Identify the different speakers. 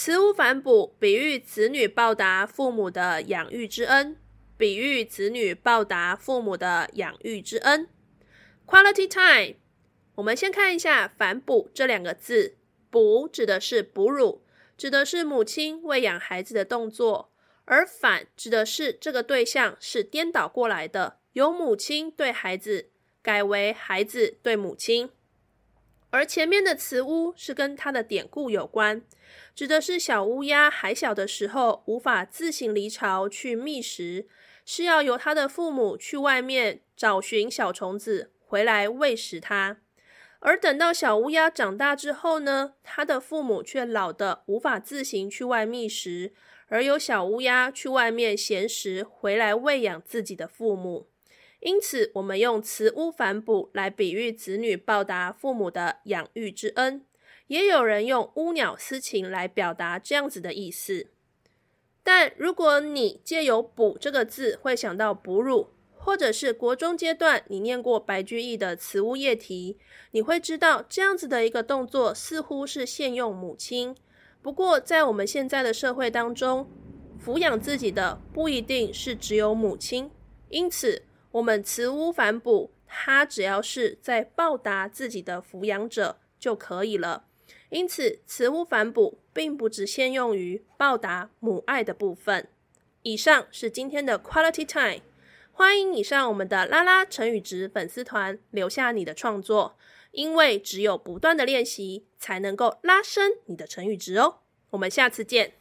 Speaker 1: 慈烏反哺，比喻子女報答父母的養育之恩。比喻子女報答父母的養育之恩。Quality time，我們先看一下“反哺”這兩個字。“哺”指的是哺乳，指的是母親餵養孩子的動作；而“反”指的是這個對象是顛倒過來的，由母親對孩子改為孩子對母親。而前面的“慈烏”是跟它的典故有關，指的是小烏鴉還小的時候無法自行離巢去覓食，是要由它的父母去外面找尋小蟲子回來餵食它。而等到小烏鴉長大之後呢，它的父母卻老得無法自行去外覓食，而由小烏鴉去外面銜食回來餵養自己的父母。因此，我們用“慈烏反哺”來比喻子女報答父母的養育之恩，也有人用“烏鳥私情”來表達這樣子的意思。但如果你借由“哺”這個字，會想到哺乳，或者是國中階段你念過白居易的《慈烏夜啼》，你會知道這樣子的一個動作似乎是限用母親。不過，在我們現在的社會當中，撫養自己的不一定是只有母親，因此。我們慈烏反哺，它只要是在報答自己的撫養者就可以了。因此，慈烏反哺並不只限用於報答母愛的部分。以上是今天的 Quality Time，歡迎你上我們的拉拉成語質粉絲團留下你的創作，因為只有不斷的練習才能夠拉升你的成語質哦。我們下次見。